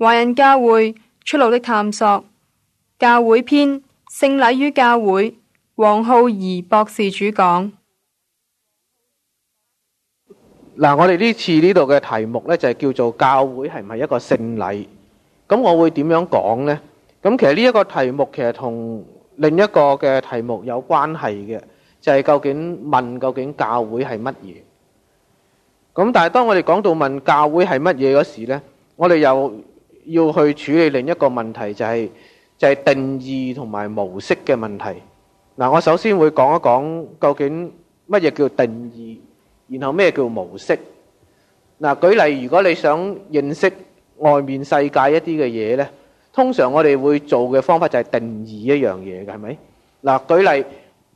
華人教會出路的探索，教會篇，聖禮與教會，黃浩儀博士主講。嗱，我哋呢次呢度嘅題目呢就係叫做教會係咪一個聖禮？咁我會點樣講呢？咁其實呢一個題目其實同另一個嘅題目有關係嘅，就係究竟問究竟教會係乜嘢？咁但係當我哋講到問教會係乜嘢嗰時呢，我哋又要去處理另一個問題，就係就係定義同埋模式嘅問題。嗱，我首先會講一講究竟乜嘢叫定義，然後咩叫模式。嗱，舉例，如果你想認識外面世界一啲嘅嘢呢，通常我哋會做嘅方法就係定義一樣嘢嘅，係咪？嗱，舉例，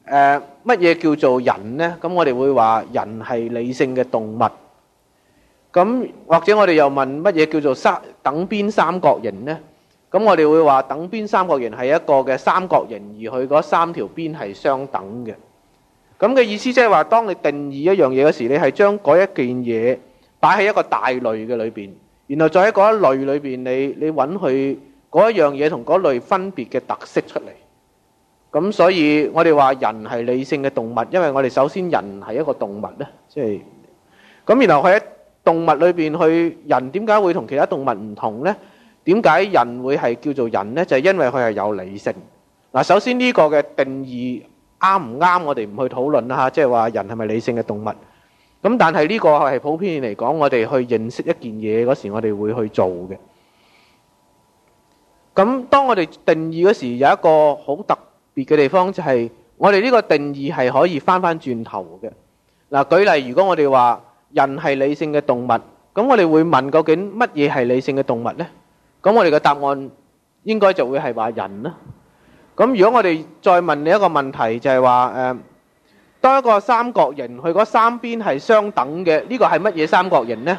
誒，乜嘢叫做人呢？咁我哋會話人係理性嘅動物。咁或者我哋又問乜嘢叫做三等邊三角形咧？咁我哋會話等邊三角形係一個嘅三角形，而佢嗰三條邊係相等嘅。咁嘅意思即係話，當你定義一樣嘢嘅時，你係將嗰一件嘢擺喺一個大類嘅裏邊，然後再喺嗰一類裏邊，你你揾佢嗰一樣嘢同嗰類分別嘅特色出嚟。咁所以我哋話人係理性嘅動物，因為我哋首先人係一個動物咧，即係咁，然後佢。動物裏邊去，人點解會同其他動物唔同呢？點解人會係叫做人呢？就係因為佢係有理性。嗱，首先呢個嘅定義啱唔啱？我哋唔去討論啦，即係話人係咪理性嘅動物？咁但係呢個係普遍嚟講，我哋去認識一件嘢嗰時，我哋會去做嘅。咁當我哋定義嗰時，有一個好特別嘅地方就係，我哋呢個定義係可以翻翻轉頭嘅。嗱，舉例如果我哋話。人係理性嘅動物，咁我哋會問究竟乜嘢係理性嘅動物呢？咁我哋嘅答案應該就會係話人啦。咁如果我哋再問你一個問題，就係話誒，當一個三角形佢嗰三邊係相等嘅，呢個係乜嘢三角形呢？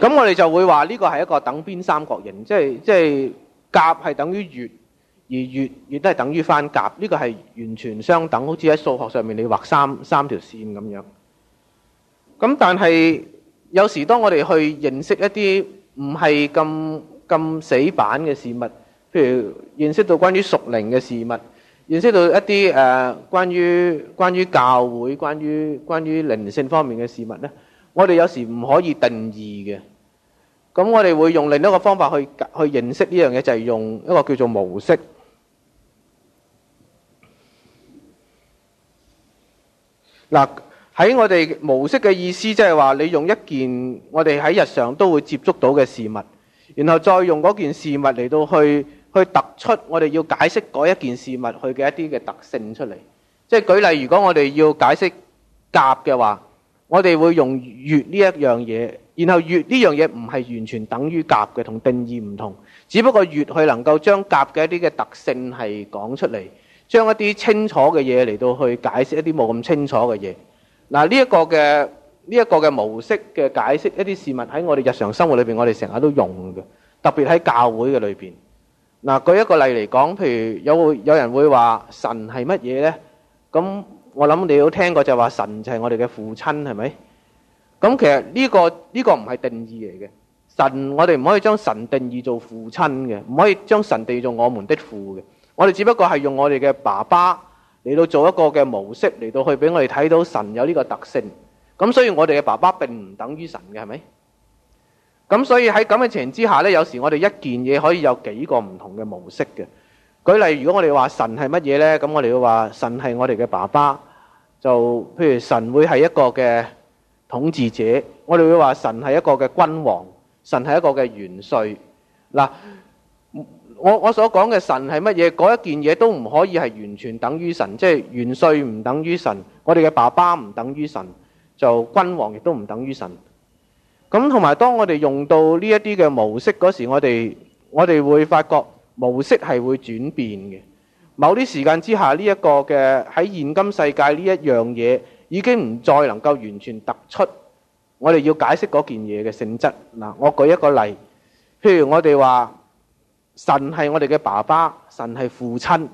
咁我哋就會話呢個係一個等邊三角形，即係即係甲係等於乙。而越越都係等於翻甲，呢個係完全相等，好似喺數學上面你畫三三條線咁樣。咁但係有時當我哋去認識一啲唔係咁咁死板嘅事物，譬如認識到關於屬靈嘅事物，認識到一啲誒關於關於教會、關於關於靈性方面嘅事物咧，我哋有時唔可以定義嘅。咁我哋會用另一個方法去去認識呢樣嘢，就係用一個叫做模式。嗱，喺我哋模式嘅意思，即係話，你用一件我哋喺日常都會接觸到嘅事物，然後再用嗰件事物嚟到去去突出我哋要解釋嗰一件事物佢嘅一啲嘅特性出嚟。即係舉例，如果我哋要解釋甲嘅話，我哋會用乙呢一樣嘢，然後乙呢樣嘢唔係完全等於甲嘅，同定義唔同，只不過乙去能夠將甲嘅一啲嘅特性係講出嚟。將一啲清楚嘅嘢嚟到去解釋一啲冇咁清楚嘅嘢。嗱呢一個嘅呢一個嘅模式嘅解釋一啲事物喺我哋日常生活裏邊，我哋成日都用嘅。特別喺教會嘅裏邊。嗱，舉一個例嚟講，譬如有有人會話神係乜嘢呢，咁我諗你都聽過就係話神就係我哋嘅父親，係咪？咁其實呢個呢個唔係定義嚟嘅。神我哋唔可以將神定義做父親嘅，唔可以將神定義做我們的父嘅。我哋只不過係用我哋嘅爸爸嚟到做一個嘅模式嚟到去俾我哋睇到神有呢個特性，咁所以我哋嘅爸爸並唔等於神嘅，係咪？咁所以喺咁嘅情況之下呢，有時我哋一件嘢可以有幾個唔同嘅模式嘅。舉例，如果我哋話神係乜嘢呢？咁我哋會話神係我哋嘅爸爸，就譬如神會係一個嘅統治者，我哋會話神係一個嘅君王，神係一個嘅元帥，嗱。我我所講嘅神係乜嘢？嗰一件嘢都唔可以係完全等於神，即係元帥唔等於神，我哋嘅爸爸唔等於神，就君王亦都唔等於神。咁同埋，當我哋用到呢一啲嘅模式嗰時候，我哋我哋會發覺模式係會轉變嘅。某啲時間之下，呢一個嘅喺現今世界呢一樣嘢，已經唔再能夠完全突出我哋要解釋嗰件嘢嘅性質。嗱，我舉一個例，譬如我哋話。神係我哋嘅爸爸，神係父親。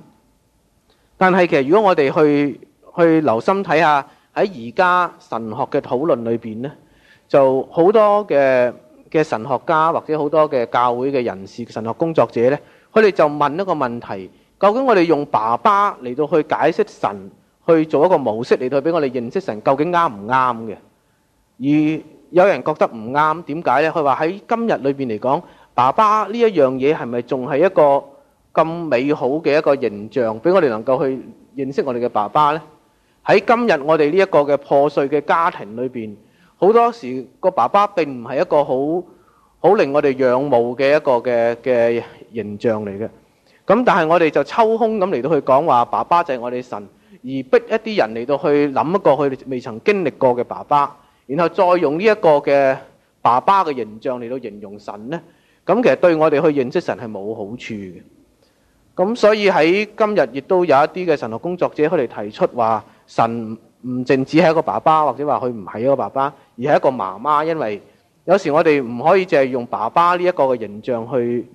但係其實如果我哋去去留心睇下喺而家神學嘅討論裏邊咧，就好多嘅嘅神學家或者好多嘅教會嘅人士、神學工作者咧，佢哋就問一個問題：究竟我哋用爸爸嚟到去解釋神，去做一個模式嚟到俾我哋認識神，究竟啱唔啱嘅？而有人覺得唔啱，點解咧？佢話喺今日裏邊嚟講。爸爸呢一樣嘢係咪仲係一個咁美好嘅一個形象，俾我哋能夠去認識我哋嘅爸爸呢？喺今日我哋呢一個嘅破碎嘅家庭裏邊，好多時個爸爸並唔係一個好好令我哋仰慕嘅一個嘅嘅形象嚟嘅。咁但係我哋就抽空咁嚟到去講話，爸爸就係我哋神，而逼一啲人嚟到去諗一個佢未曾經歷過嘅爸爸，然後再用呢一個嘅爸爸嘅形象嚟到形容神呢。咁其實對我哋去認識神係冇好處嘅，咁所以喺今日亦都有一啲嘅神學工作者佢哋提出話，神唔淨止係一個爸爸，或者話佢唔係一個爸爸，而係一個媽媽。因為有時我哋唔可以淨係用爸爸呢一個嘅形象去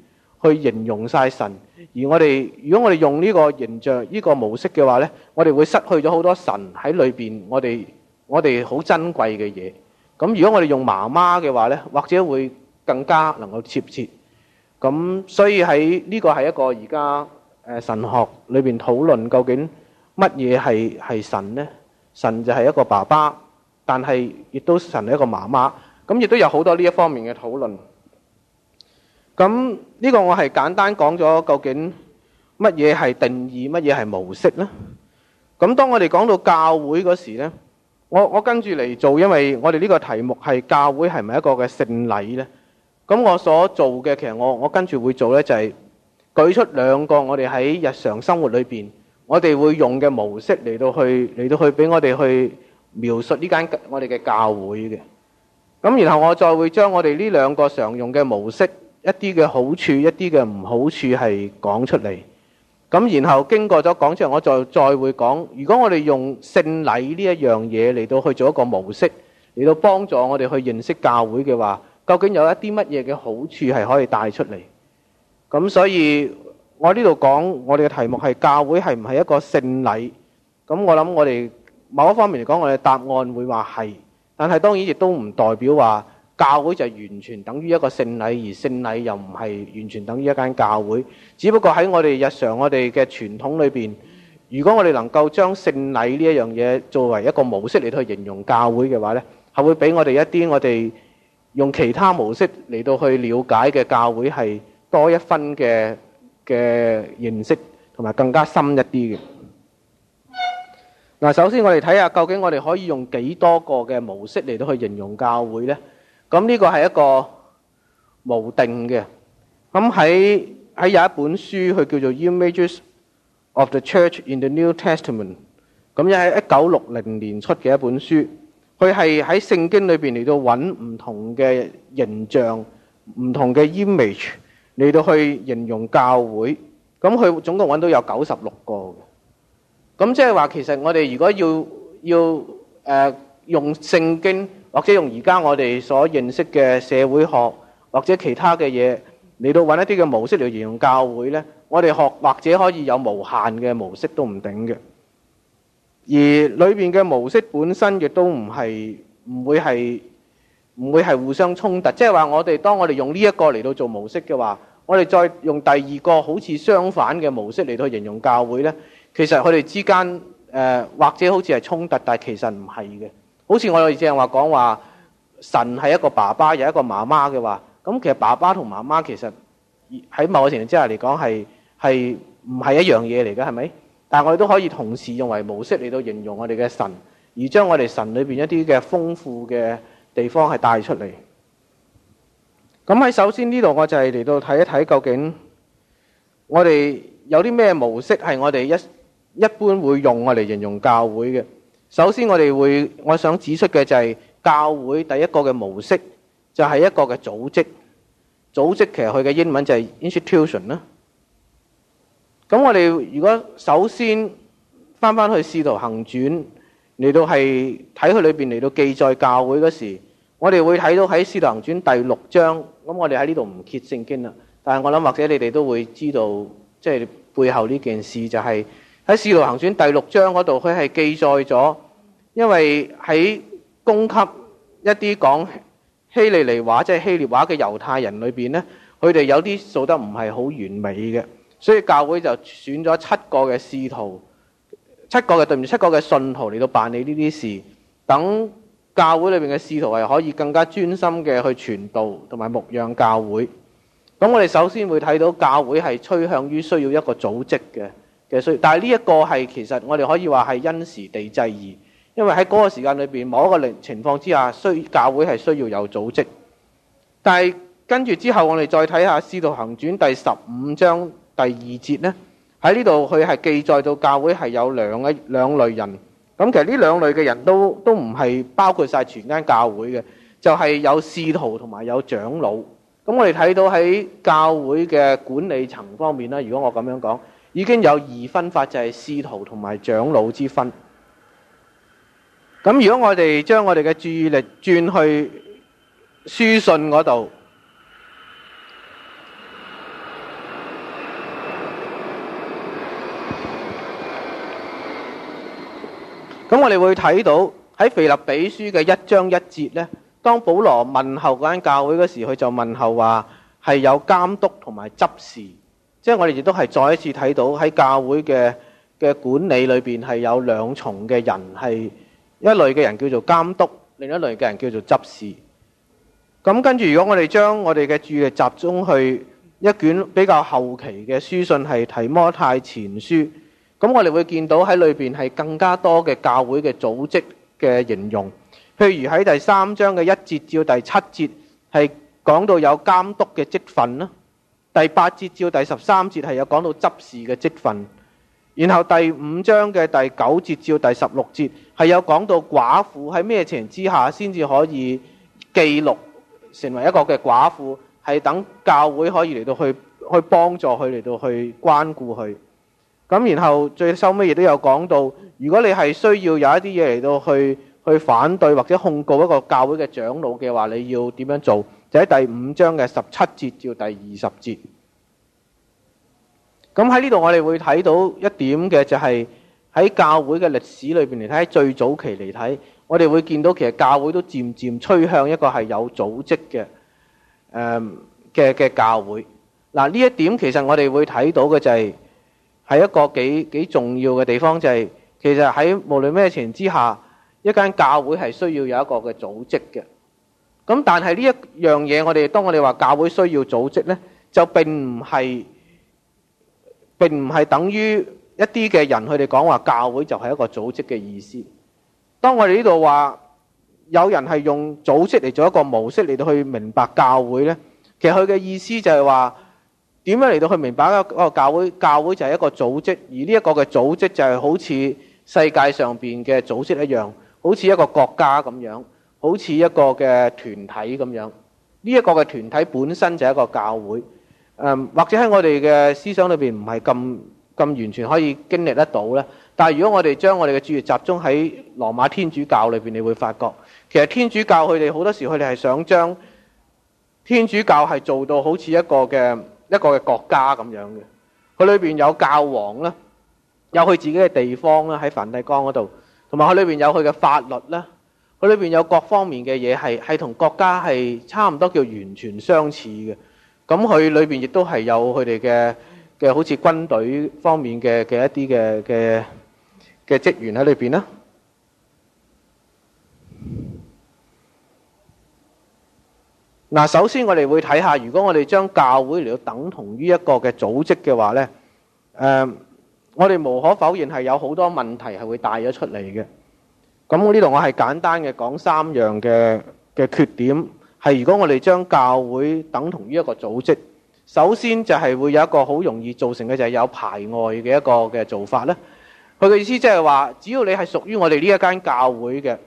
去形容晒神，而我哋如果我哋用呢個形象呢，呢個模式嘅話呢，我哋會失去咗好多神喺裏邊我哋我哋好珍貴嘅嘢。咁如果我哋用媽媽嘅話呢，或者會更加能夠貼切咁，所以喺呢個係一個而家、呃、神學裏面討論究竟乜嘢係係神呢？神就係一個爸爸，但係亦都神係一個媽媽。咁亦都有好多呢一方面嘅討論。咁呢、呢個我係簡單講咗究竟乜嘢係定義，乜嘢係模式呢？咁當我哋講到教會嗰時呢，我我跟住嚟做，因為我哋呢個題目係教會係咪一個嘅聖禮呢？咁我所做嘅，其實我我跟住會做呢，就係舉出兩個我哋喺日常生活裏邊，我哋會用嘅模式嚟到去嚟到去俾我哋去描述呢間我哋嘅教會嘅。咁然後我再會將我哋呢兩個常用嘅模式一啲嘅好處，一啲嘅唔好處係講出嚟。咁然後經過咗講出嚟，我再再會講。如果我哋用聖禮呢一樣嘢嚟到去做一個模式嚟到幫助我哋去認識教會嘅話，究竟有一啲乜嘢嘅好處係可以帶出嚟？咁所以我呢度講我哋嘅題目係教會係唔係一個聖禮？咁我諗我哋某一方面嚟講，我哋答案會話係。但係當然亦都唔代表話教會就係完全等於一個聖禮，而聖禮又唔係完全等於一間教會。只不過喺我哋日常我哋嘅傳統裏邊，如果我哋能夠將聖禮呢一樣嘢作為一個模式嚟到去形容教會嘅話咧，係會俾我哋一啲我哋用其他模式嚟到去了解嘅教會係多一分嘅嘅認識，同埋更加深一啲嘅。嗱，首先我哋睇下究竟我哋可以用幾多個嘅模式嚟到去形容教會咧？咁呢個係一個冇定嘅。咁喺喺有一本書，佢叫做《Images of the Church in the New Testament》。咁亦係一九六零年出嘅一本書。佢係喺聖經裏邊嚟到揾唔同嘅形象、唔同嘅 image 嚟到去形容教會，咁佢總共揾到有九十六個嘅。咁即係話，其實我哋如果要要誒用聖經，或者用而家我哋所認識嘅社會學或者其他嘅嘢嚟到揾一啲嘅模式嚟形容教會呢，我哋學或者可以有無限嘅模式都唔定嘅。而裏面嘅模式本身亦都唔係唔會係唔會係互相衝突，即係話我哋當我哋用呢一個嚟到做模式嘅話，我哋再用第二個好似相反嘅模式嚟到形容教會咧，其實佢哋之間誒、呃、或者好似係衝突，但其實唔係嘅。好似我哋正話講話神係一個爸爸，有一個媽媽嘅話，咁其實爸爸同媽媽其實喺某個程度之下嚟講係係唔係一樣嘢嚟嘅，係咪？但我哋都可以同時用為模式嚟到形容我哋嘅神，而將我哋神裏面一啲嘅豐富嘅地方係帶出嚟。咁喺首先呢度，我就係嚟到睇一睇究竟我哋有啲咩模式係我哋一一般會用我嚟形容教會嘅。首先我哋會我想指出嘅就係教會第一個嘅模式就係一個嘅組織，組織其實佢嘅英文就係 institution 啦。咁我哋如果首先翻翻去《使徒行傳》，嚟到係睇佢裏邊嚟到記載教會嗰時，我哋會睇到喺《使徒行傳》第六章。咁我哋喺呢度唔揭聖經啦，但係我諗或者你哋都會知道，即係背後呢件事就係喺《使徒行傳》第六章嗰度，佢係記載咗，因為喺供給一啲講希利尼話，即係希臘話嘅猶太人裏面，咧，佢哋有啲做得唔係好完美嘅。所以教會就選咗七個嘅使徒，七個嘅對唔住，七個嘅信徒嚟到辦理呢啲事，等教會裏邊嘅使徒係可以更加專心嘅去傳道同埋牧養教會。咁我哋首先會睇到教會係趨向於需要一個組織嘅嘅需，但係呢一個係其實我哋可以話係因時地制宜，因為喺嗰個時間裏邊某一個情情況之下，需教會係需要有組織。但係跟住之後我們看看，我哋再睇下《使徒行傳》第十五章。第二節呢，喺呢度，佢係記載到教會係有兩嘅兩類人。咁其實呢兩類嘅人都都唔係包括晒全間教會嘅，就係有使徒同埋有長老。咁我哋睇到喺教會嘅管理層方面啦，如果我咁樣講，已經有二分法，就係使徒同埋長老之分。咁如果我哋將我哋嘅注意力轉去書信嗰度。咁我哋會睇到喺腓立比書嘅一章一節呢，當保羅問候嗰間教會嗰時候，佢就問候話係有監督同埋執事，即係我哋亦都係再一次睇到喺教會嘅嘅管理裏邊係有兩重嘅人，係一類嘅人叫做監督，另一類嘅人叫做執事。咁跟住，如果我哋將我哋嘅注意力集中去一卷比較後期嘅書信係提摩太前書。咁我哋會見到喺裏邊係更加多嘅教會嘅組織嘅形容，譬如喺第三章嘅一節至到第七節係講到有監督嘅職份啦，第八節至到第十三節係有講到執事嘅職份，然後第五章嘅第九節至到第十六節係有講到寡婦喺咩情形之下先至可以記錄成為一個嘅寡婦，係等教會可以嚟到去去幫助佢嚟到去關顧佢。咁然後最收尾亦都有講到，如果你係需要有一啲嘢嚟到去去反對或者控告一個教會嘅長老嘅話，你要點樣做？就喺第五章嘅十七節至到第二十節。咁喺呢度我哋會睇到一點嘅就係喺教會嘅歷史裏邊嚟睇，最早期嚟睇，我哋會見到其實教會都漸漸趨向一個係有組織嘅，嘅、嗯、嘅教會。嗱呢一點其實我哋會睇到嘅就係、是。係一個幾幾重要嘅地方，就係其實喺無論咩情形之下，一間教會係需要有一個嘅組織嘅。咁但係呢一樣嘢，我哋當我哋話教會需要組織呢，就並唔係並唔係等於一啲嘅人佢哋講話教會就係一個組織嘅意思。當我哋呢度話有人係用組織嚟做一個模式嚟到去明白教會呢，其實佢嘅意思就係話。點樣嚟到去明白一個教會，教會就係一個組織，而呢一個嘅組織就係好似世界上面嘅組織一樣，好似一個國家咁樣，好似一個嘅團體咁樣。呢一個嘅團體本身就係一個教會。誒、嗯，或者喺我哋嘅思想裏面唔係咁咁完全可以經歷得到呢。但係如果我哋將我哋嘅注意力集中喺羅馬天主教裏面，你會發覺其實天主教佢哋好多時佢哋係想將天主教係做到好似一個嘅。一個嘅國家咁樣嘅，佢裏邊有教皇啦，有佢自己嘅地方啦，喺梵蒂岡嗰度，同埋佢裏邊有佢嘅法律啦，佢裏邊有各方面嘅嘢係係同國家係差唔多，叫完全相似嘅。咁佢裏邊亦都係有佢哋嘅嘅好似軍隊方面嘅嘅一啲嘅嘅嘅職員喺裏邊啦。嗱，首先我哋會睇下，如果我哋將教會嚟到等同於一個嘅組織嘅話呢，誒、嗯，我哋無可否認係有好多問題係會帶咗出嚟嘅。咁呢度我係簡單嘅講三樣嘅嘅缺點，係如果我哋將教會等同於一個組織，首先就係會有一個好容易造成嘅，就係、是、有排外嘅一個嘅做法呢，佢嘅意思即係話，只要你係屬於我哋呢一間教會嘅，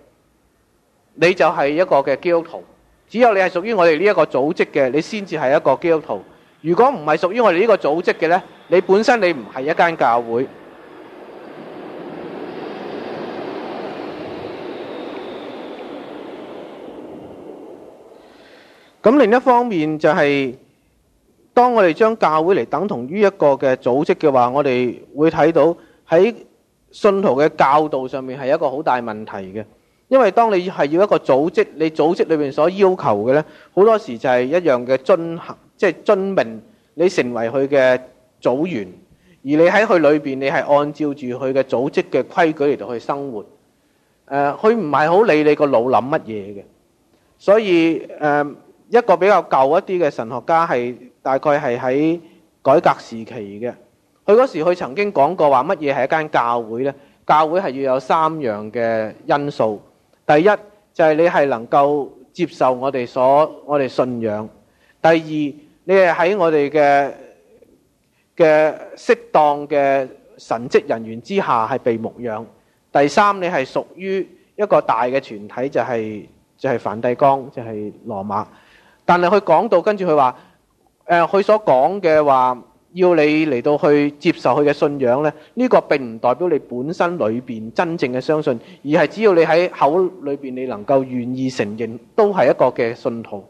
你就係一個嘅基督徒。只有你係屬於我哋呢一個組織嘅，你先至係一個基督徒。如果唔係屬於我哋呢個組織嘅咧，你本身你唔係一間教會。咁另一方面就係，當我哋將教會嚟等同於一個嘅組織嘅話，我哋會睇到喺信徒嘅教導上面係一個好大問題嘅。因為當你係要一個組織，你組織裏面所要求嘅呢，好多時就係一樣嘅遵行，即係遵命。你成為佢嘅組員，而你喺佢裏邊，你係按照住佢嘅組織嘅規矩嚟到去生活。佢唔係好理你個腦諗乜嘢嘅。所以誒、呃，一個比較舊一啲嘅神學家係大概係喺改革時期嘅。佢嗰時佢曾經講過話乜嘢係一間教會呢？教會係要有三樣嘅因素。第一就係、是、你係能夠接受我哋所我哋信仰；第二，你係喺我哋嘅嘅適當嘅神職人員之下係被牧養；第三，你係屬於一個大嘅團體、就是，就係就係梵蒂岡，就係、是、羅馬。但係佢講到跟住佢話，誒，佢所講嘅話。要你嚟到去接受佢嘅信仰咧，呢個並唔代表你本身裏邊真正嘅相信，而係只要你喺口裏邊你能夠願意承認，都係一個嘅信徒。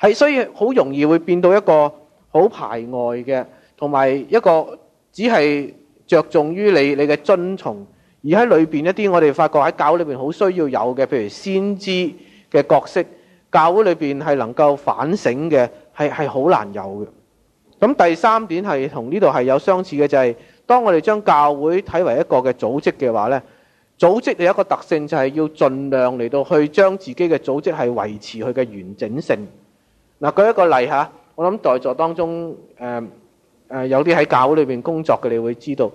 係所以好容易會變到一個好排外嘅，同埋一個只係着重於你你嘅遵從，而喺裏邊一啲我哋發覺喺教裏邊好需要有嘅，譬如先知嘅角色，教會裏邊係能夠反省嘅，係係好難有嘅。咁第三點係同呢度係有相似嘅，就係當我哋將教會睇為一個嘅組織嘅話呢，組織有一個特性就係要盡量嚟到去將自己嘅組織係維持佢嘅完整性。嗱，舉一個例下，我諗在座當中誒有啲喺教會裏面工作嘅，你會知道，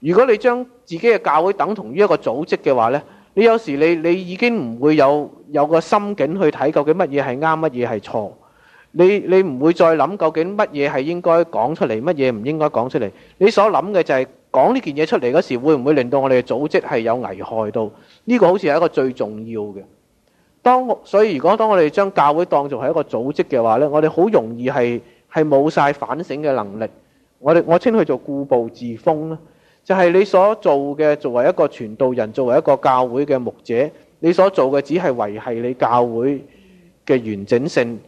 如果你將自己嘅教會等同於一個組織嘅話呢，你有時你你已經唔會有有個心境去睇究竟乜嘢係啱，乜嘢係錯。你你唔會再諗究竟乜嘢係應該講出嚟，乜嘢唔應該講出嚟？你所諗嘅就係講呢件嘢出嚟嗰時，會唔會令到我哋嘅組織係有危害到？呢個好似係一個最重要嘅。當所以，如果當我哋將教會當做係一個組織嘅話呢，我哋好容易係係冇晒反省嘅能力。我哋我稱佢做固步自封啦。就係你所做嘅，作為一個傳道人，作為一個教會嘅牧者，你所做嘅只係維繫你教會嘅完整性。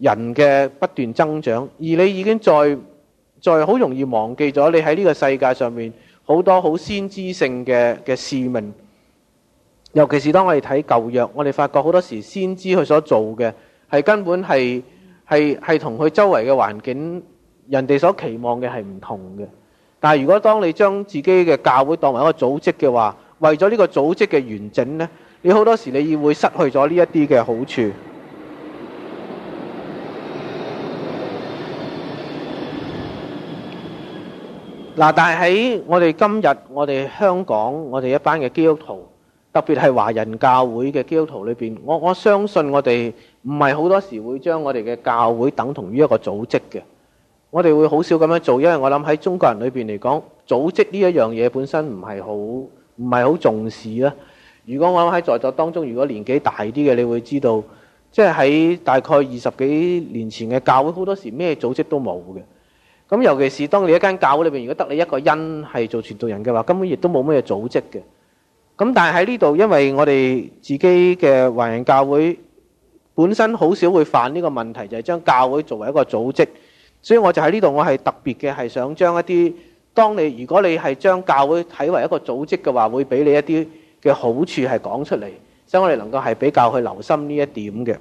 人嘅不斷增長，而你已經再再好容易忘記咗你喺呢個世界上面好多好先知性嘅嘅使命，尤其是當我哋睇舊約，我哋發覺好多時先知佢所做嘅係根本係係係同佢周圍嘅環境人哋所期望嘅係唔同嘅。但係如果當你將自己嘅教會當為一個組織嘅話，為咗呢個組織嘅完整呢，你好多時你會失去咗呢一啲嘅好處。嗱，但係喺我哋今日，我哋香港，我哋一班嘅基督徒，特別係華人教會嘅基督徒裏邊，我我相信我哋唔係好多時會將我哋嘅教會等同於一個組織嘅。我哋會好少咁樣做，因為我諗喺中國人裏邊嚟講，組織呢一樣嘢本身唔係好唔係好重視啦。如果我諗喺在座當中，如果年紀大啲嘅，你會知道，即係喺大概二十幾年前嘅教會，好多時咩組織都冇嘅。咁尤其是當你一間教會裏邊，如果得你一個人係做傳道人嘅話，根本亦都冇咩組織嘅。咁但係喺呢度，因為我哋自己嘅華人教會本身好少會犯呢個問題，就係將教會作為一個組織。所以我就喺呢度，我係特別嘅係想將一啲，當你如果你係將教會睇為一個組織嘅話，會俾你一啲嘅好處係講出嚟，所以我哋能夠係比較去留心呢一點嘅。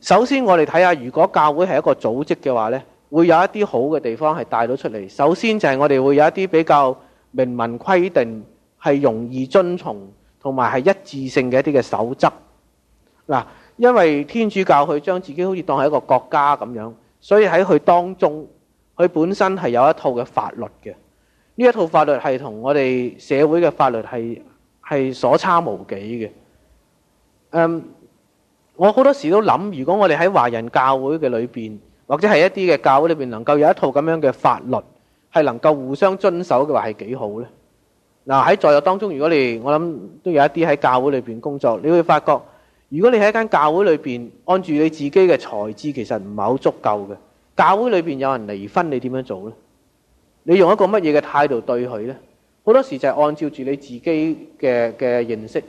首先我哋睇下如果教會係一個組織嘅話呢。會有一啲好嘅地方係帶到出嚟。首先就係我哋會有一啲比較明文規定，係容易遵從，同埋係一致性嘅一啲嘅守則。嗱，因為天主教佢將自己好似當係一個國家咁樣，所以喺佢當中，佢本身係有一套嘅法律嘅。呢一套法律係同我哋社會嘅法律係係所差無幾嘅。嗯，我好多時都諗，如果我哋喺華人教會嘅裏邊，或者係一啲嘅教會裏面能夠有一套咁樣嘅法律，係能夠互相遵守嘅話，係幾好呢？嗱，喺、啊、在座當中，如果你我諗都有一啲喺教會裏面工作，你會發覺，如果你喺一間教會裏面按住你自己嘅才智，其實唔係好足夠嘅。教會裏面有人離婚，你點樣做呢？你用一個乜嘢嘅態度對佢呢？好多時就係按照住你自己嘅嘅認識，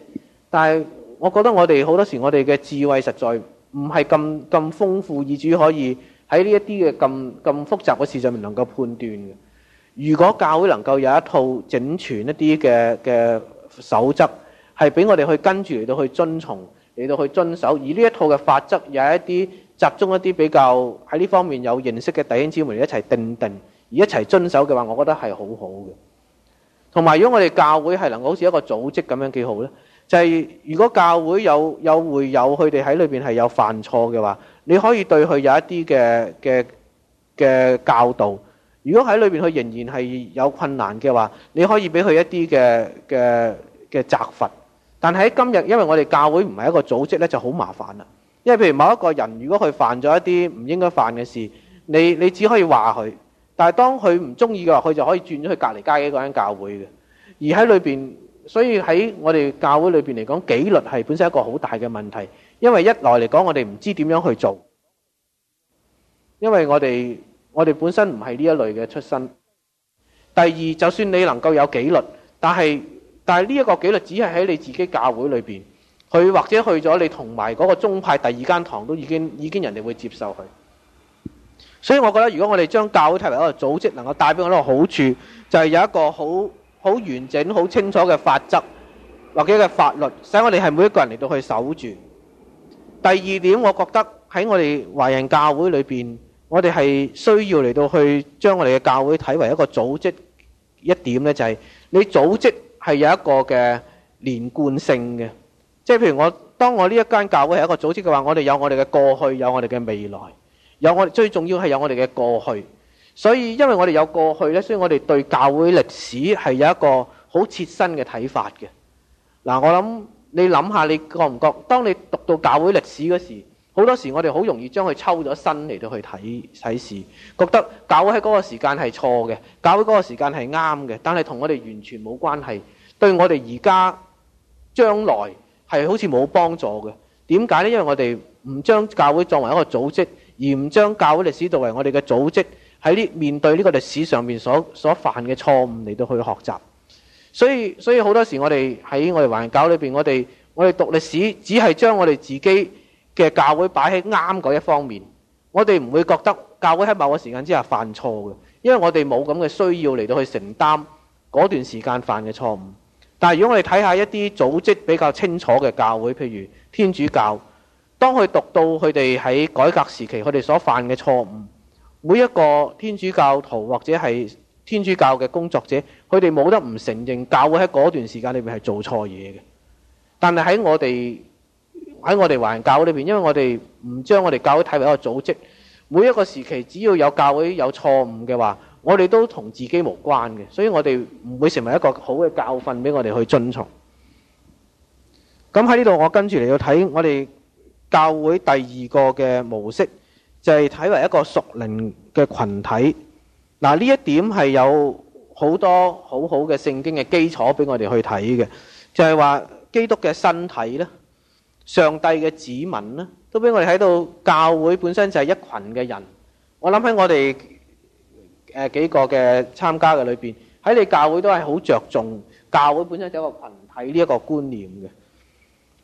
但係我覺得我哋好多時我哋嘅智慧實在唔係咁咁豐富，以至於可以。喺呢一啲嘅咁咁複雜嘅事上面唔能夠判斷嘅。如果教會能夠有一套整全一啲嘅嘅守則，係俾我哋去跟住嚟到去遵從嚟到去遵守。而呢一套嘅法則有一啲集中一啲比較喺呢方面有認識嘅弟兄姊妹一齊定定，而一齊遵守嘅話，我覺得係好好嘅。同埋，如果我哋教會係能夠好似一個組織咁樣幾好咧，就係、是、如果教會有有會有佢哋喺裏邊係有犯錯嘅話。你可以對佢有一啲嘅嘅嘅教導。如果喺裏邊佢仍然係有困難嘅話，你可以俾佢一啲嘅嘅嘅責罰。但喺今日，因為我哋教會唔係一個組織咧，就好麻煩啦。因為譬如某一個人，如果佢犯咗一啲唔應該犯嘅事，你你只可以話佢。但係當佢唔中意嘅話，佢就可以轉咗去隔離街嘅嗰間教會嘅。而喺裏邊，所以喺我哋教會裏邊嚟講，紀律係本身一個好大嘅問題。因為一來嚟講，我哋唔知點樣去做，因為我哋我哋本身唔係呢一類嘅出身。第二，就算你能夠有紀律，但係但係呢一個紀律只係喺你自己教會裏邊，佢或者去咗你同埋嗰個宗派第二間堂都已經已經人哋會接受佢。所以我覺得，如果我哋將教會睇為一個組織，能夠帶俾我一個好處，就係有一個好好完整，好清楚嘅法則或者嘅法律，使我哋係每一個人嚟到去守住。第二點，我覺得喺我哋華人教會裏邊，我哋係需要嚟到去將我哋嘅教會睇為一個組織。一點呢，就係，你組織係有一個嘅連貫性嘅。即係譬如我當我呢一間教會係一個組織嘅話，我哋有我哋嘅過去，有我哋嘅未來，有我哋最重要係有我哋嘅過去。所以因為我哋有過去呢，所以我哋對教會歷史係有一個好切身嘅睇法嘅。嗱，我諗。你諗下，你覺唔覺？當你讀到教會歷史嗰時候，好多時我哋好容易將佢抽咗身嚟到去睇睇史，覺得教會喺嗰個時間係錯嘅，教會嗰個時間係啱嘅，但係同我哋完全冇關係，對我哋而家將來係好似冇幫助嘅。點解呢？因為我哋唔將教會作為一個組織，而唔將教會歷史作為我哋嘅組織喺呢面對呢個歷史上面所所犯嘅錯誤嚟到去學習。所以，所以好多時我哋喺我哋環教裏邊，我哋我哋讀歷史，只係將我哋自己嘅教會擺喺啱嗰一方面，我哋唔會覺得教會喺某個時間之下犯錯嘅，因為我哋冇咁嘅需要嚟到去承擔嗰段時間犯嘅錯誤。但係如果我哋睇下一啲組織比較清楚嘅教會，譬如天主教，當佢讀到佢哋喺改革時期佢哋所犯嘅錯誤，每一個天主教徒或者係，天主教嘅工作者，佢哋冇得唔承認教會喺嗰段時間裏邊係做錯嘢嘅。但係喺我哋喺我哋華人教會裏邊，因為我哋唔將我哋教會睇為一個組織，每一個時期只要有教會有錯誤嘅話，我哋都同自己無關嘅，所以我哋唔會成為一個好嘅教訓俾我哋去遵從。咁喺呢度，我跟住嚟要睇我哋教會第二個嘅模式，就係、是、睇為一個屬靈嘅群體。嗱，呢一點係有好多好好嘅聖經嘅基礎俾我哋去睇嘅，就係話基督嘅身體咧，上帝嘅子民咧，都俾我哋睇到。教會本身就係一羣嘅人。我諗喺我哋誒幾個嘅參加嘅裏邊，喺你教會都係好着重教會本身就係一個羣體呢一個觀念嘅。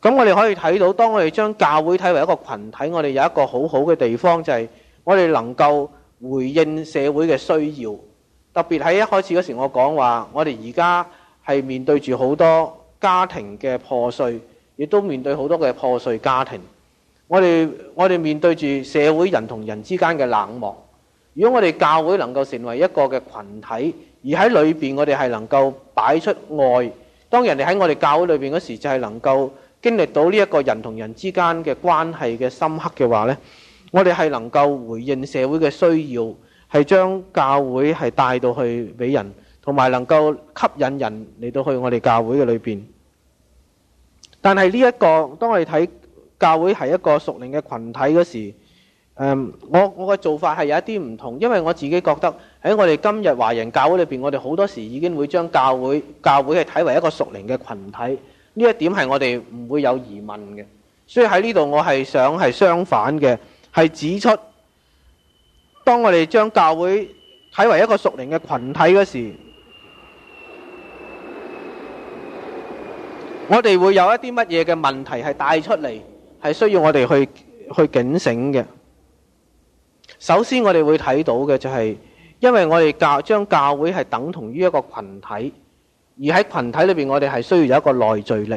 咁我哋可以睇到，當我哋將教會睇為一個羣體，我哋有一個好好嘅地方就係我哋能夠回應社會嘅需要，特別喺一開始嗰時候我，我講話我哋而家係面對住好多家庭嘅破碎，亦都面對好多嘅破碎家庭。我哋我哋面對住社會人同人之間嘅冷漠。如果我哋教會能夠成為一個嘅群體，而喺裏邊我哋係能夠擺出愛，當人哋喺我哋教會裏邊嗰時，就係能夠經歷到呢一個人同人之間嘅關係嘅深刻嘅話呢。我哋係能夠回應社會嘅需要，係將教會係帶到去俾人，同埋能夠吸引人嚟到去我哋教會嘅裏邊。但係呢一個當我哋睇教會係一個屬靈嘅群體嗰時候，我我嘅做法係有一啲唔同，因為我自己覺得喺我哋今日華人教會裏邊，我哋好多時已經會將教會教會係睇為一個屬靈嘅群體。呢一點係我哋唔會有疑問嘅。所以喺呢度，我係想係相反嘅。係指出，當我哋將教會睇為一個屬靈嘅群體嗰時候，我哋會有一啲乜嘢嘅問題係帶出嚟，係需要我哋去去警醒嘅。首先，我哋會睇到嘅就係、是，因為我哋教將教會係等同於一個群體，而喺群體裏邊，我哋係需要有一個內聚力。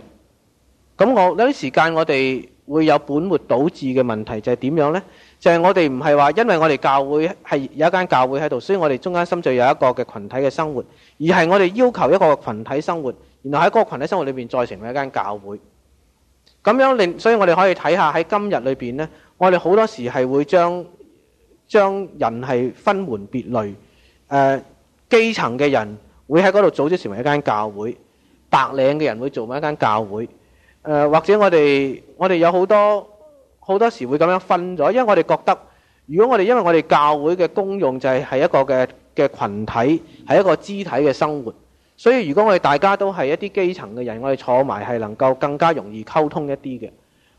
咁我有啲時間我哋，我哋。會有本末倒置嘅問題，就係、是、點樣呢？就係、是、我哋唔係話，因為我哋教會係有一間教會喺度，所以我哋中間深醉有一個嘅群體嘅生活，而係我哋要求一個群體生活，然後喺嗰個羣體生活裏邊再成為一間教會。咁樣令，所以我哋可以睇下喺今日裏邊呢，我哋好多時係會將將人係分門別類。誒、呃，基層嘅人會喺嗰度組織成為一間教會，白領嘅人會做埋一間教會。呃、或者我哋我哋有好多好多時會咁樣分咗，因為我哋覺得，如果我哋因為我哋教會嘅功用就係一個嘅嘅羣體，係一個肢體嘅生活，所以如果我哋大家都係一啲基層嘅人，我哋坐埋係能夠更加容易溝通一啲嘅。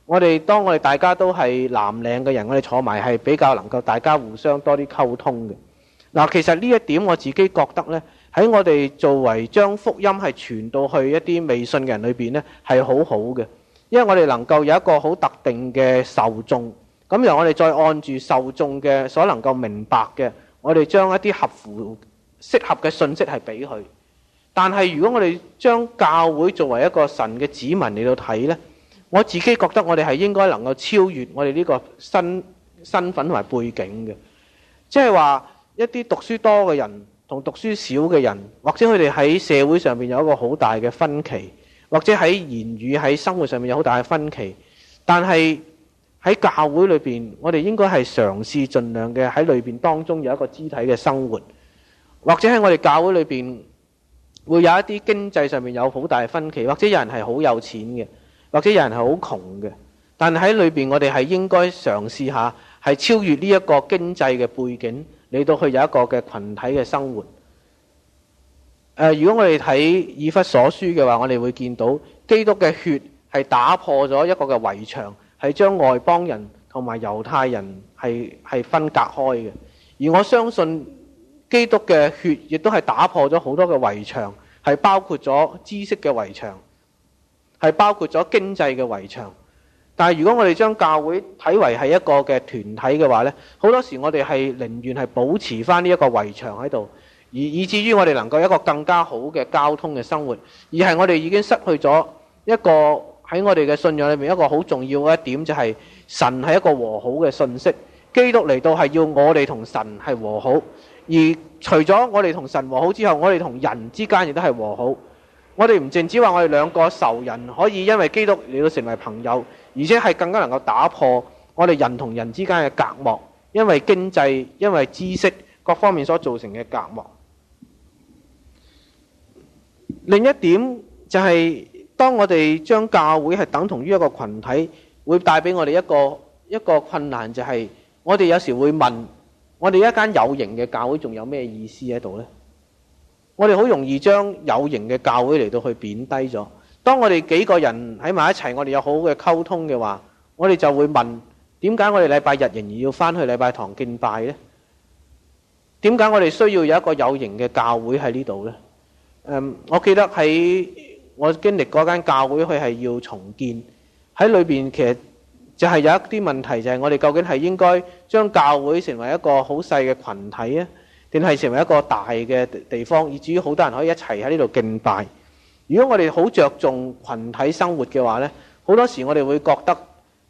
我哋當我哋大家都係藍領嘅人，我哋坐埋係比較能夠大家互相多啲溝通嘅。嗱、呃，其實呢一點我自己覺得呢，喺我哋作為將福音係傳到去一啲未信嘅人裏邊呢，係好好嘅，因為我哋能夠有一個好特定嘅受眾，咁然後我哋再按住受眾嘅所能夠明白嘅，我哋將一啲合乎適合嘅信息係俾佢。但係如果我哋將教會作為一個神嘅子民嚟到睇呢，我自己覺得我哋係應該能夠超越我哋呢個身身份同埋背景嘅，即係話一啲讀書多嘅人。同讀書少嘅人，或者佢哋喺社會上面有一個好大嘅分歧，或者喺言語喺生活上面有好大嘅分歧。但係喺教會裏面，我哋應該係嘗試盡量嘅喺裏面當中有一個肢體嘅生活，或者喺我哋教會裏面會有一啲經濟上面有好大分歧，或者有人係好有錢嘅，或者有人係好窮嘅。但係喺裏面，我哋係應該嘗試下係超越呢一個經濟嘅背景。你到去有一個嘅群體嘅生活。誒、呃，如果我哋睇以弗所書嘅話，我哋會見到基督嘅血係打破咗一個嘅圍牆，係將外邦人同埋猶太人係係分隔開嘅。而我相信基督嘅血亦都係打破咗好多嘅圍牆，係包括咗知識嘅圍牆，係包括咗經濟嘅圍牆。但係，如果我哋將教會睇為係一個嘅團體嘅話，呢好多時我哋係寧願係保持翻呢一個圍牆喺度，而以至於我哋能夠一個更加好嘅交通嘅生活，而係我哋已經失去咗一個喺我哋嘅信仰裏面一個好重要嘅一點，就係神係一個和好嘅信息。基督嚟到係要我哋同神係和好，而除咗我哋同神和好之後，我哋同人之間亦都係和好。我哋唔淨只話我哋兩個仇人可以因為基督嚟到成為朋友。而且係更加能夠打破我哋人同人之間嘅隔膜，因為經濟、因為知識各方面所造成嘅隔膜。另一點就係、是，當我哋將教會係等同於一個群體，會帶俾我哋一個一個困難、就是，就係我哋有時會問：我哋一間有形嘅教會仲有咩意思喺度呢？我哋好容易將有形嘅教會嚟到去貶低咗。當我哋幾個人喺埋一齊，我哋有好好嘅溝通嘅話，我哋就會問：「點解我哋禮拜日仍然要返去禮拜堂敬拜呢？點解我哋需要有一個有形嘅教會喺呢度呢？」我記得喺我經歷嗰間教會，佢係要重建喺裏邊，其實就係有一啲問題，就係、是、我哋究竟係應該將教會成為一個好細嘅群體啊，定係成為一個大嘅地方，以至於好多人可以一齊喺呢度敬拜？如果我哋好着重群體生活嘅話咧，好多時我哋會覺得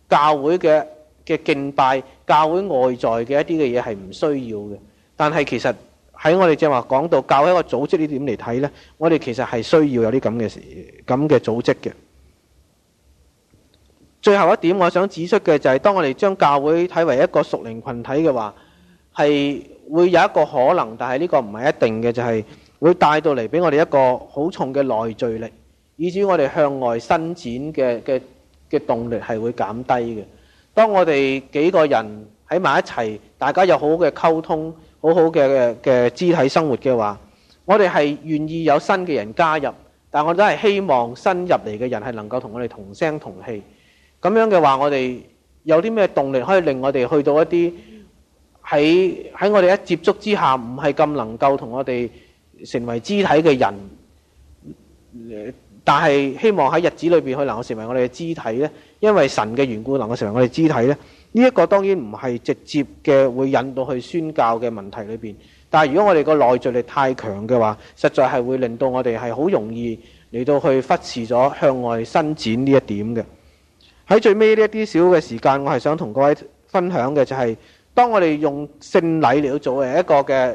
教會嘅嘅敬拜、教會外在嘅一啲嘅嘢係唔需要嘅。但係其實喺我哋正話講到教會的一個組織，呢點嚟睇咧，我哋其實係需要有啲咁嘅咁嘅組織嘅。最後一點我想指出嘅就係、是、當我哋將教會睇為一個屬靈群體嘅話，係會有一個可能，但係呢個唔係一定嘅，就係、是。會帶到嚟俾我哋一個好重嘅內聚力，以至我哋向外伸展嘅嘅嘅動力係會減低嘅。當我哋幾個人喺埋一齊，大家有好好嘅溝通，好好嘅嘅肢體生活嘅話，我哋係願意有新嘅人加入，但我都係希望新入嚟嘅人係能夠同我哋同聲同氣。咁樣嘅話，我哋有啲咩動力可以令我哋去到一啲喺喺我哋一接觸之下，唔係咁能夠同我哋。成為肢體嘅人，但係希望喺日子裏邊佢能夠成為我哋嘅肢體呢，因為神嘅緣故能夠成為我哋肢體咧。呢、這、一個當然唔係直接嘅會引到去宣教嘅問題裏邊，但係如果我哋個內聚力太強嘅話，實在係會令到我哋係好容易嚟到去忽視咗向外伸展呢一點嘅。喺最尾呢一啲少嘅時間，我係想同各位分享嘅就係、是，當我哋用聖禮嚟到作為一個嘅。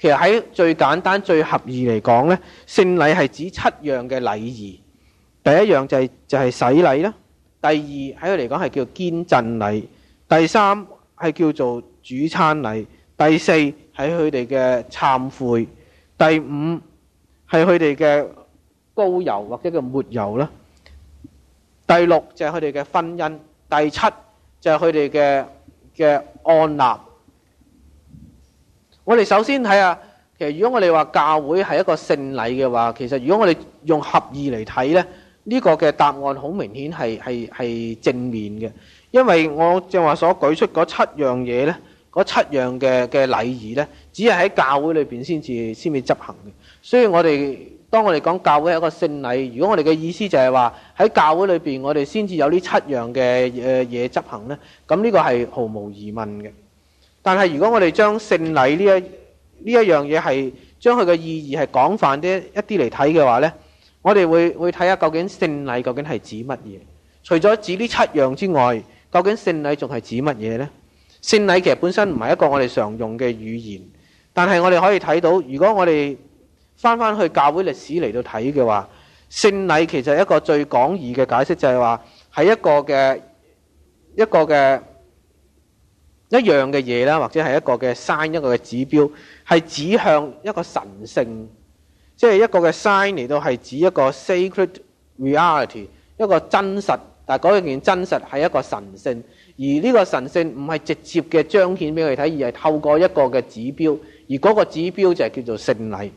其實喺最簡單最合宜嚟講呢，聖禮係指七樣嘅禮儀。第一樣就係就係洗禮啦。第二喺佢嚟講係叫堅振禮。第三係叫做主餐禮。第四係佢哋嘅懺悔。第五係佢哋嘅膏油或者叫抹油啦。第六就係佢哋嘅婚姻。第七就係佢哋嘅嘅按立。我哋首先睇下，其實如果我哋話教會係一個聖禮嘅話，其實如果我哋用合意嚟睇咧，呢個嘅答案好明顯係係係正面嘅，因為我正話所舉出嗰七樣嘢咧，嗰七樣嘅嘅禮儀咧，只係喺教會裏邊先至先至執行嘅。所以我哋當我哋講教會係一個聖禮，如果我哋嘅意思就係話喺教會裏邊我哋先至有呢七樣嘅誒嘢執行咧，咁呢個係毫無疑問嘅。但係如果我哋將聖禮呢一呢一樣嘢，係將佢嘅意義係廣泛啲一啲嚟睇嘅話呢，我哋會會睇下究竟聖禮究竟係指乜嘢？除咗指呢七樣之外，究竟聖禮仲係指乜嘢呢？聖禮其實本身唔係一個我哋常用嘅語言，但係我哋可以睇到，如果我哋返返去教會歷史嚟到睇嘅話，聖禮其實一個最廣義嘅解釋就係話係一個嘅一個嘅。一樣嘅嘢啦，或者係一個嘅 sign，一個嘅指標，係指向一個神聖，即係一個嘅 sign 嚟到係指一個 sacred reality，一個真實，但係嗰件真實係一個神聖，而呢個神聖唔係直接嘅彰顯俾佢睇，而係透過一個嘅指標，而嗰個指標就係叫做聖禮。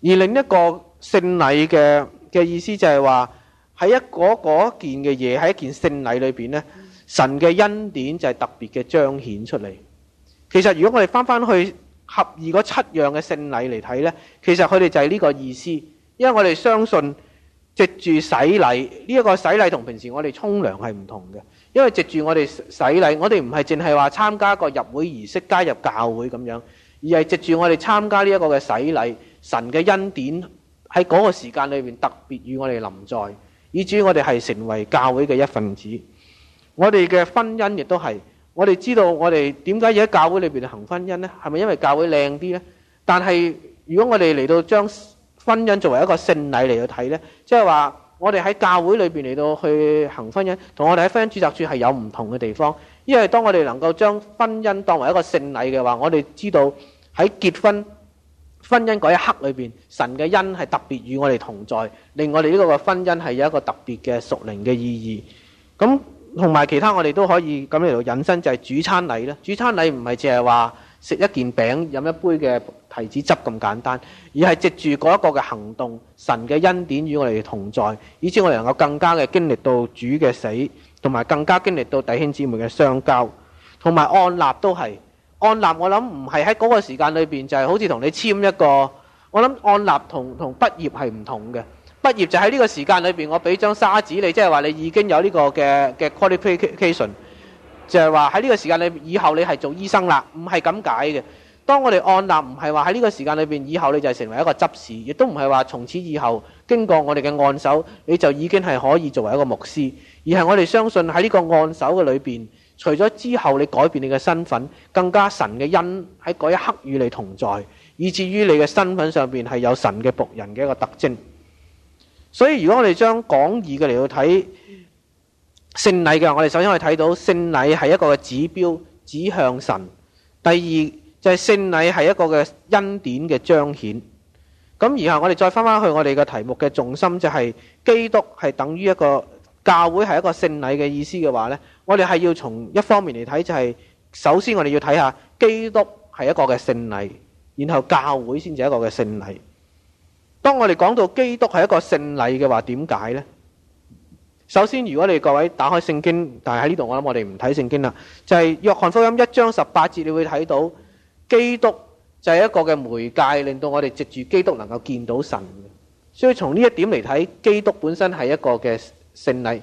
而另一個聖禮嘅嘅意思就係話喺一嗰件嘅嘢喺一件聖禮裏面呢。神嘅恩典就係特別嘅彰顯出嚟。其實如果我哋翻翻去合二嗰七樣嘅聖禮嚟睇呢，其實佢哋就係呢個意思。因為我哋相信藉住洗禮呢一個洗禮同平時我哋沖涼係唔同嘅，因為藉住我哋洗禮，我哋唔係淨係話參加一個入會儀式加入教會咁樣，而係藉住我哋參加呢一個嘅洗禮，神嘅恩典喺嗰個時間裏面特別與我哋臨在，以至於我哋係成為教會嘅一份子。我哋嘅婚姻亦都係，我哋知道我哋點解要喺教會裏邊行婚姻呢？係咪因為教會靚啲呢？但係如果我哋嚟到將婚姻作為一個聖禮嚟到睇呢，即係話我哋喺教會裏邊嚟到去行婚姻，同我哋喺婚姻註冊處係有唔同嘅地方。因為當我哋能夠將婚姻當為一個聖禮嘅話，我哋知道喺結婚婚姻嗰一刻裏邊，神嘅恩係特別與我哋同在，令我哋呢個嘅婚姻係有一個特別嘅屬靈嘅意義。咁同埋其他我哋都可以咁嚟到引申，就係、是、主餐禮啦。主餐禮唔係淨係話食一件餅、飲一杯嘅提子汁咁簡單，而係藉住嗰一個嘅行動，神嘅恩典與我哋同在，以至我哋能夠更加嘅經歷到主嘅死，同埋更加經歷到弟兄姊妹嘅相交。同埋按立都係按立，我諗唔係喺嗰個時間裏邊，就係、是、好似同你簽一個，我諗按立同同畢業係唔同嘅。畢業就喺呢個時間裏邊，我俾張砂紙你，即係話你已經有呢個嘅嘅 qualification，就係話喺呢個時間裏，以後你係做醫生啦，唔係咁解嘅。當我哋按立唔係話喺呢個時間裏邊，以後你就成為一個執事，亦都唔係話從此以後經過我哋嘅按手，你就已經係可以作為一個牧師。而係我哋相信喺呢個按手嘅裏邊，除咗之後你改變你嘅身份，更加神嘅恩喺嗰一刻與你同在，以至於你嘅身份上邊係有神嘅僕人嘅一個特徵。所以如果我哋將講義嘅嚟到睇聖禮嘅，我哋首先可以睇到聖禮係一個嘅指標，指向神。第二就係聖禮係一個嘅恩典嘅彰顯。咁然後我哋再翻翻去我哋嘅題目嘅重心，就係、是、基督係等於一個教會係一個聖禮嘅意思嘅話呢，我哋係要從一方面嚟睇，就係、是、首先我哋要睇下基督係一個嘅聖禮，然後教會先至係一個嘅聖禮。當我哋講到基督係一個聖禮嘅話，點解呢？首先，如果你各位打開聖經，但係喺呢度我諗我哋唔睇聖經啦。就係、是、約翰福音一章十八節，你會睇到基督就係一個嘅媒介，令到我哋藉住基督能夠見到神嘅。所以從呢一點嚟睇，基督本身係一個嘅聖禮，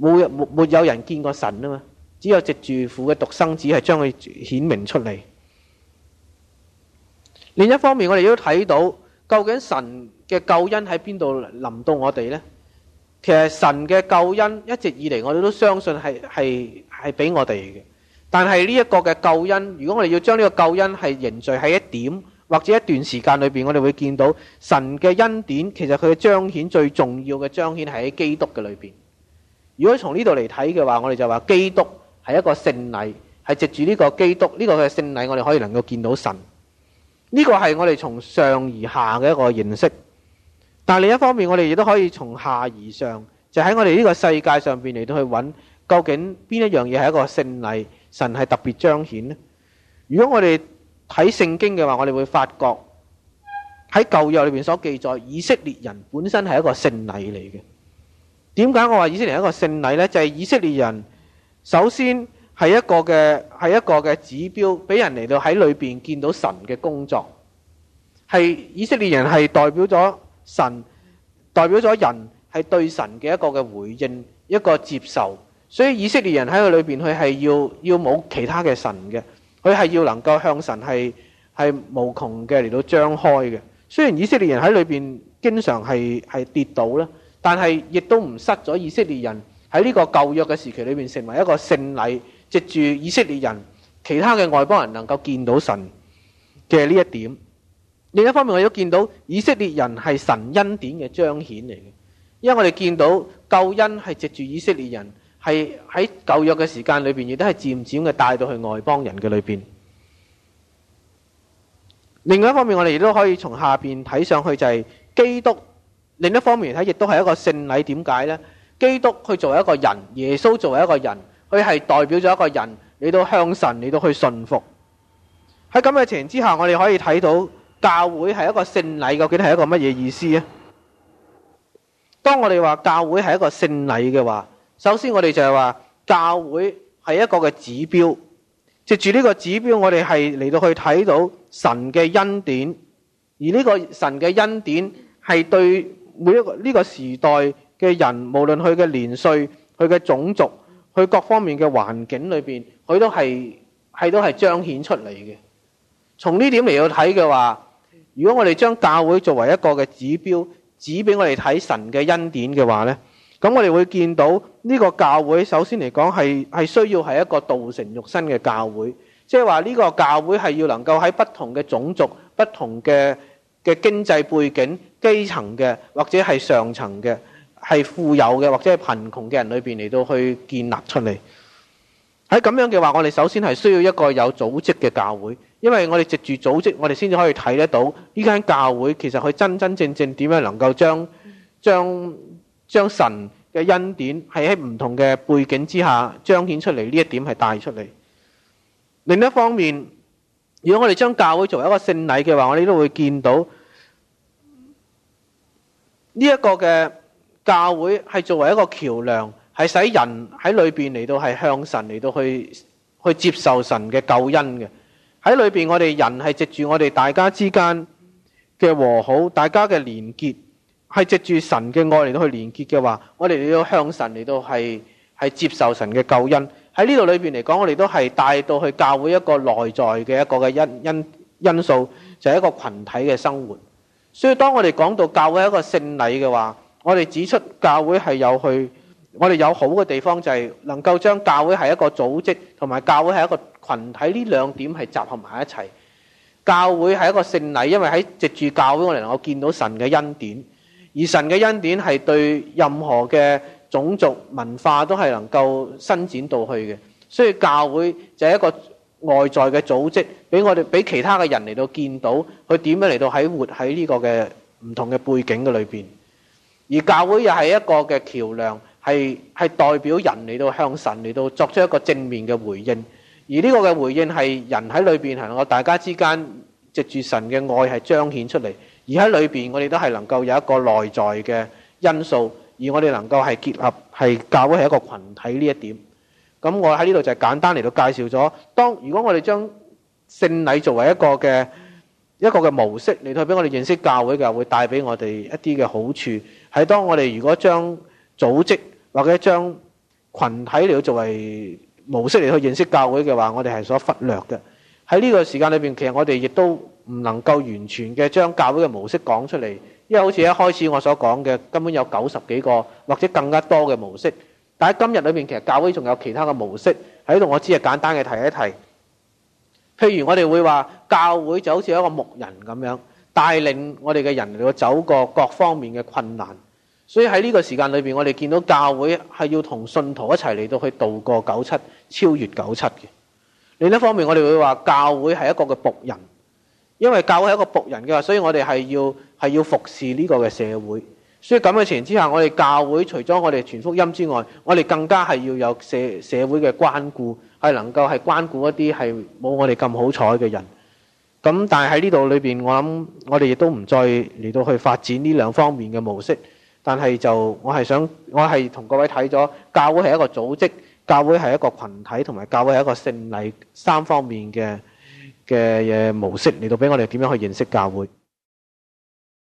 冇人見過神啊嘛，只有藉住父嘅獨生子係將佢顯明出嚟。另一方面，我哋都睇到。究竟神嘅救恩喺邊度臨到我哋呢？其實神嘅救恩一直以嚟，我哋都相信係係係俾我哋嘅。但係呢一個嘅救恩，如果我哋要將呢個救恩係凝聚喺一點或者一段時間裏邊，我哋會見到神嘅恩典。其實佢嘅彰顯最重要嘅彰顯係喺基督嘅裏邊。如果從呢度嚟睇嘅話，我哋就話基督係一個聖禮，係藉住呢個基督呢個嘅聖禮，我哋可以能夠見到神。呢、個係我哋從上而下嘅一個認識，但另一方面，我哋亦都可以從下而上，就喺我哋呢個世界上邊嚟到去揾究竟邊一樣嘢係一個聖禮，神係特別彰顯呢？如果我哋睇聖經嘅話，我哋會發覺喺舊約裏面所記載，以色列人本身係一個聖禮嚟嘅。點解我話以色列人一個聖禮呢？就係以色列人首先。係一個嘅係一個嘅指標，俾人嚟到喺裏邊見到神嘅工作。係以色列人係代表咗神，代表咗人係對神嘅一個嘅回應，一個接受。所以以色列人喺佢裏邊佢係要要冇其他嘅神嘅，佢係要能夠向神係係無窮嘅嚟到張開嘅。雖然以色列人喺裏邊經常係係跌倒啦，但係亦都唔失咗以色列人喺呢個舊約嘅時期裏邊成為一個聖禮。藉住以色列人，其他嘅外邦人能夠見到神嘅呢一點。另一方面，我亦都見到以色列人係神恩典嘅彰顯嚟嘅，因為我哋見到救恩係藉住以色列人，係喺舊約嘅時間裏邊，亦都係漸漸嘅帶到去外邦人嘅裏邊。另外一方面，我哋亦都可以從下邊睇上去，就係基督。另一方面睇，亦都係一個聖禮。點解呢？基督去作為一個人，耶穌作為一個人。佢係代表咗一個人，你都向神，你都去信服。喺咁嘅情況之下，我哋可以睇到教會係一個聖禮，究竟係一個乜嘢意思啊？當我哋話教會係一個聖禮嘅話，首先我哋就係話教會係一個嘅指標，藉住呢個指標，我哋係嚟到去睇到神嘅恩典，而呢個神嘅恩典係對每一個呢個時代嘅人，無論佢嘅年歲、佢嘅種族。佢各方面嘅環境裏邊，佢都係係都係彰顯出嚟嘅。從呢點嚟到睇嘅話，如果我哋將教會作為一個嘅指標，指俾我哋睇神嘅恩典嘅話呢，咁我哋會見到呢個教會首先嚟講係係需要係一個道成肉身嘅教會，即係話呢個教會係要能夠喺不同嘅種族、不同嘅嘅經濟背景、基層嘅或者係上層嘅。係富有嘅或者係貧窮嘅人裏邊嚟到去建立出嚟喺咁樣嘅話，我哋首先係需要一個有組織嘅教會，因為我哋藉住組織，我哋先至可以睇得到呢間教會其實佢真真正正點樣能夠將將將神嘅恩典係喺唔同嘅背景之下彰顯出嚟呢一點係帶出嚟。另一方面，如果我哋將教會作為一個聖禮嘅話，我哋都會見到呢一個嘅。教會係作為一個橋梁，係使人喺裏邊嚟到，係向神嚟到去去接受神嘅救恩嘅。喺裏邊，我哋人係藉住我哋大家之間嘅和好，大家嘅連結，係藉住神嘅愛嚟到去連結嘅話，我哋要向神嚟到係，係接受神嘅救恩。喺呢度裏邊嚟講，我哋都係帶到去教會一個內在嘅一個嘅因因因素，就係一個群體嘅生活。所以當我哋講到教會一個聖禮嘅話，我哋指出教會係有去，我哋有好嘅地方就係能夠將教會係一個組織，同埋教會係一個群體呢兩點係集合埋一齊。教會係一個聖禮，因為喺藉住教會我哋能夠見到神嘅恩典，而神嘅恩典係對任何嘅種族文化都係能夠伸展到去嘅。所以教會就係一個外在嘅組織，俾我哋俾其他嘅人嚟到見到佢點樣嚟到喺活喺呢個嘅唔同嘅背景嘅裏邊。而教會又係一個嘅橋梁，係係代表人嚟到向神嚟到作出一個正面嘅回應，而呢個嘅回應係人喺裏面係我大家之間藉住神嘅愛係彰顯出嚟，而喺裏面我哋都係能夠有一個內在嘅因素，而我哋能夠係結合係教會係一個群體呢一點。咁我喺呢度就係簡單嚟到介紹咗，當如果我哋將聖禮作為一個嘅。一個嘅模式嚟到俾我哋認識教會嘅，會帶俾我哋一啲嘅好處。喺當我哋如果將組織或者將群體嚟到作為模式嚟去認識教會嘅話，我哋係所忽略嘅。喺呢個時間裏面，其實我哋亦都唔能夠完全嘅將教會嘅模式講出嚟，因為好似一開始我所講嘅，根本有九十幾個或者更加多嘅模式。但喺今日裏面，其實教會仲有其他嘅模式喺度，我只係簡單嘅提一提。譬如我哋會話教會就好似一個牧人咁樣帶領我哋嘅人嚟到走過各方面嘅困難，所以喺呢個時間裏邊，我哋見到教會係要同信徒一齊嚟到去度過九七，超越九七嘅。另一方面，我哋會話教會係一個嘅僕人，因為教會係一個僕人嘅話，所以我哋係要係要服侍呢個嘅社會。所以咁嘅情形之下，我哋教會除咗我哋傳福音之外，我哋更加係要有社社會嘅關顧。係能夠係關顧一啲係冇我哋咁好彩嘅人，咁但係喺呢度裏邊，我諗我哋亦都唔再嚟到去發展呢兩方面嘅模式，但係就我係想，我係同各位睇咗，教會係一個組織，教會係一個羣體，同埋教會係一個聖禮三方面嘅嘅嘢模式嚟到俾我哋點樣去認識教會。